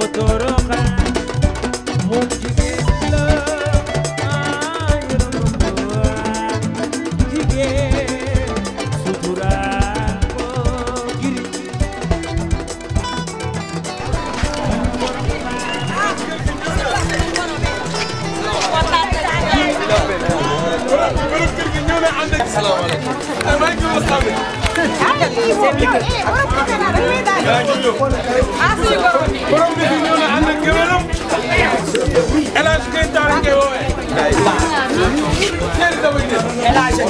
بطرق مجزية borom bi fi ñëw na ànd ak gëwëlam El Hadj Keita la koy woowee. Serigne Daba Gueye. El Hadj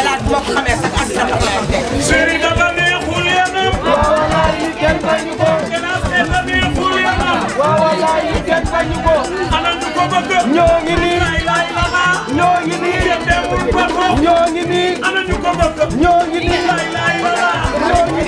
El Hadj boo ko xamee sax as na ko laay teg. Serigne Daba neexul yéenam. waaw walaay yi kenn bañu ko. El Hadj Keita neexul yéenam. waaw walaay yi kenn bañu ko. ana ñu ko bëgg. ñoo ngi nii. ñoo ngi nii. kenn demul ba ko. ñoo ngi nii. ana ñu ko bëgg. ñoo ngi nii. ñoo ngi nii.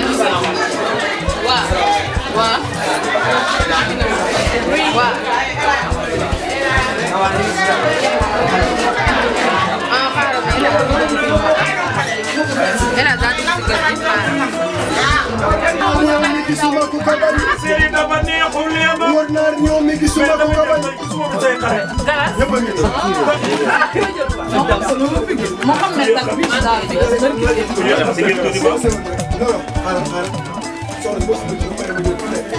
koy xare. galas ñëpp a ngi doon. moo xam ne nag daal di gën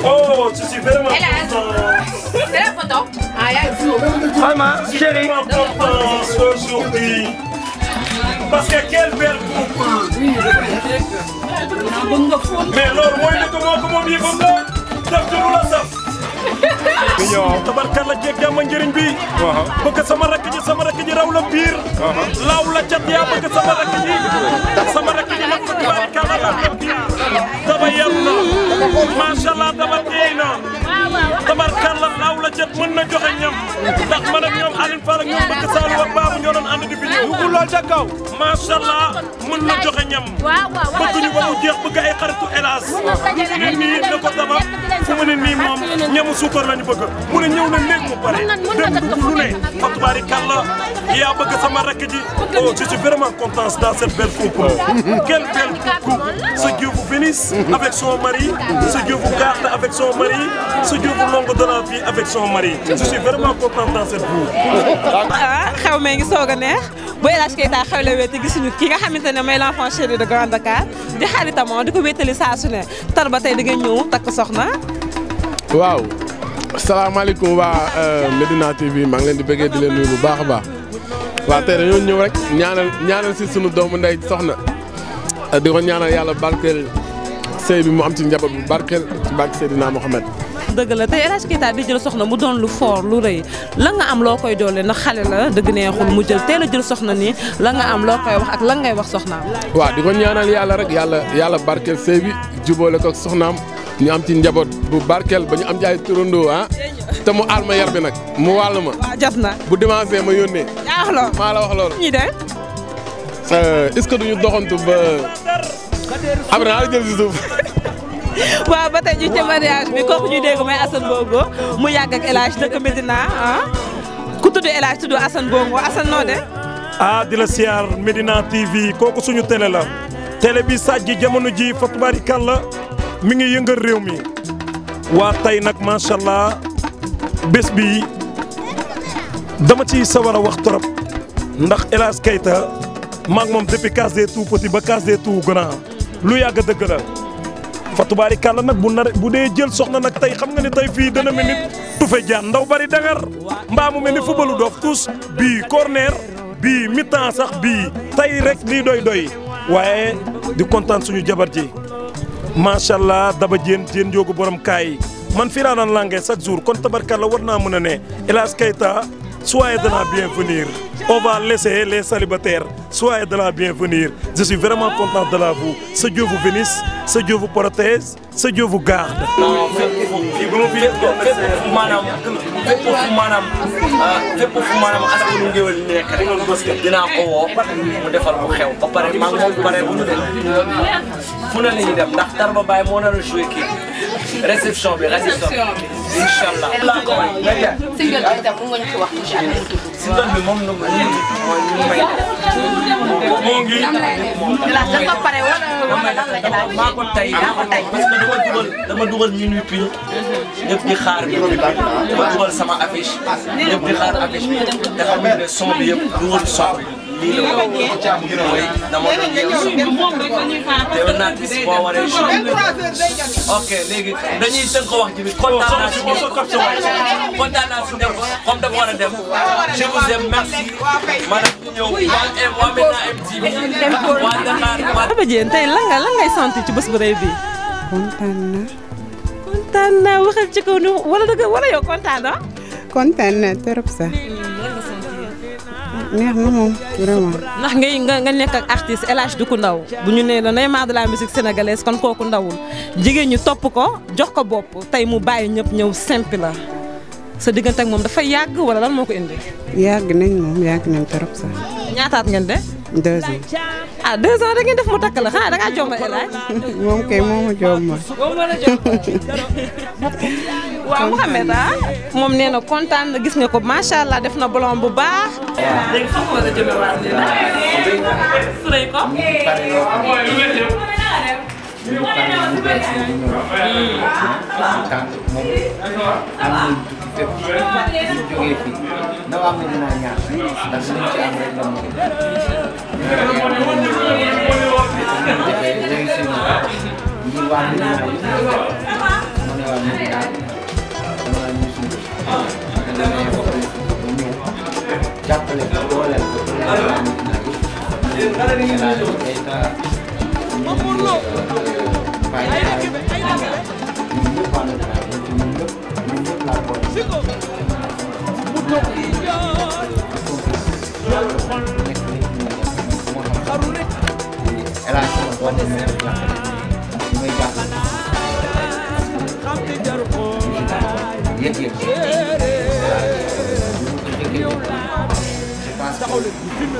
oh je suis vraiment. hélas photo. ah yaa ngi vraiment chérie. aujourd'hui parce que quel bel couple. mais loolu mooy ne que moo ko moom yëgul ko def ci lu la saf. ñëw tabarkar la jeeg jàmm njëriñ bi bëgg sama rakk ji sama rakk ji raw la biir laaw la cat yaa bëgg sama rakk ji sama rakk ji nag fa tabarkar na macha allah daba na tabarkar mën na joxe ñam ñoom Aline Fall ak ñoom bëgg Saalum ak bu lool ca kaw. macha allah mën na joxe ñam. waaw waaw ñu ba mu jeex bëgg ay xaritu hélas. ñu ne nii ne ko dama fu mu nii moom ñamu suukar la ñu mu ne ñëw na léegi mu pare dem dugg lu ne fa tubaarikàlla yaa bëgg sama rakk ji. oh je suis vraiment content dans cette belle coupe. quelle belle coupe ce Dieu vous avec son mari. ce Dieu vous avec son mari. ce Dieu vous longue de avec son mari. je suis vraiment content dans cette ah xew mee ngi soog a bu El Hadj Keita xewle wéete gisuñu ki nga xamante ne mooy l'enfant chéri de Grand Dakar di xaritamoo di ko wéetali saa su ne tar ba tey di nga ñëw takk soxna. waaw salaamaaleykum waa euh, Medina TV maa ngi leen di bëggee di leen nuyu bu baax a baax waaw tey dañoo ñëw rek ñaanal ñaanal si sunu doomu ndey soxna di ko ñaanal yàlla barkeel sëy bi mu am ci njaboot bu barkeel ci barke Seydina Mohamed. dëgg la tey El Hadj Keita di jël soxna mu doon lu fort lu rëy lan nga am loo koy doole na xale la dëgg neexul mu jël teel a jël soxna nii la nga am loo koy wax ak lan ngay wax soxnaam. waaw di ko ñaanal yàlla rek yàlla yàlla barkeel sëy bi jubóole ko soxnaam ñu am ci njaboot bu barkeel ba ñu am ci ay turandoo ah. te mu aal yar bi nag mu wàll ma. waaw na bu dimanche ma yónnee. yaa wax maa la wax lool ñi de. Euh, est-ce que duñu doxantu ba. am naa la jël si suuf. waaw ba tey ñu ci mariage bi kooku ñu dégg mooy Assane Bongo mu yàgg ak El Hadj dëkk Medina ah ku tudd El Hadj tudd Assane Bongo Assane noo de. ah siyaar Medina TV kooku suñu télé la télé bi sàjji jamono ji fa tubaarikàlla mi ngi yëngal réew mi waa tey nag macha allah bés bi dama ciy sawar a wax trop ndax El Hadj Keita maak moom depuis case des tout ba case des tout lu yàgg dëgg la. fa tubaari kàlla nag bu nar bu dee jël soxna nag tey xam nga ne tey fii dana mel ni tufe jaan ndaw bari dangar mbaa mu mel ni fubalu doof tous bii corner bii mi sax bii tey rek lii doy doy waaye di kontaan suñu jabar ji macha allah daba jéen jéen njoogu borom kaay man fii naa daan làngee chaque jour kon tabarkàlla war naa mën a ne El Hadj soyez de la bienvenue on va laisser les célibataires soyez de la bien je suis vraiment content de la vous que Dieu vous bénisse que Dieu vous protège que Dieu vous fu fépp fu fu maanaam fépp fu maanaam askanu Ngéwél nekk fu ne la ñuy dem Tarba Baye moo nar bi réception bi. incha allah ko wax incha allah. single bi moom la ñu fay moo ngi. da nga pare wala wala lan la jëlaat. maa ko tay maa ko tay dugal dama dugal minuit pile. ñëpp xaar dugal sama affiche. ñëpp di xaar affiche bi dafa mel ne son dugal son ok léegi a tënk wax ji bi kontaan naa si kontaan naa si dem comme dafa a dem je vous aime merci madame ñu ñëw waa maintenant waa Dakar waa. Papa Diène tey lan nga lan ngay sant ci bi. kontaan naa. kontaan ci kaw wala dëgg wala yow kontaan naa. neex na moom vraiment. ndax ngay nga nga nekk ak artiste El Hadj du ku ndaw bu ñu nee la Neymar de la musique sénégalaise kon kooku ndawul jigéen ñi topp ko jox ko bopp tey mu bàyyi ñëpp ñëw simple la sa diggante ak moom dafay yàgg wala lan moo ko indi. yàgg nañ moom yàgg nañ trop sax. ñaataat ngeen de. deux ans. ah deux ans da def mu takk la xanaa da ngaa jomba El Hadj. moom kay moomu moom la jomba. Ah, moom nee na kontaan gis nga ko macha allah def na bolon bu baax. ñu ngi tànn bu bees yi bu ñëw ñu tànn moom am nañ tukki fépp ñu jógee fii na waa Medina ñaar ndax liñ ci am rek la mu ngi defee réussir na ñu waa Medina yi mu ne waa Medina dama la ñu suñu dana ne bokk na bu ñëw jàppale ko dooleel ko dooleel waa Medina yi yëg-yëg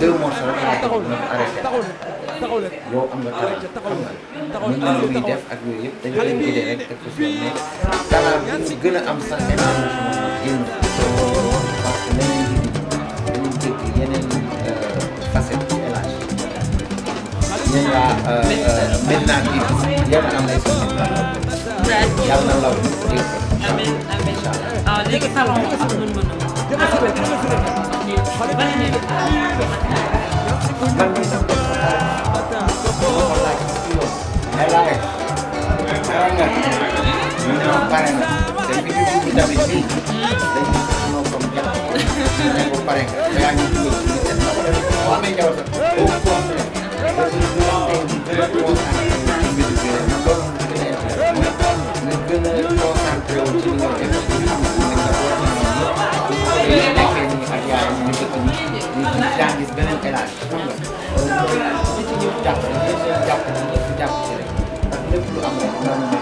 deux morceaux rek arrêté yow am nga talent xam nga mën muy def ak yooyu yëpp dañ koy jëlee rek teg ko si yoon mais talent bi gën a am sax émission génn parce que leneen li dañuy dégg yeneen euh, facette ci El Hadj ñun waa maintenant kii yéen a am ay soxla yàlla na law dégg ko incha allah ah, léegi talent am na mën pare nga mais yaa ngi ci biir biir boo amee jaww ji boo ko am rek boo ko boo ko gën a concentré wu ci li nga def ci li nga xam ne ak yaayam ñu dëkk ñu ñu daan gis beneen élan xam nga loolu ci ñëpp jàpp ci rek ndax lépp lu am rek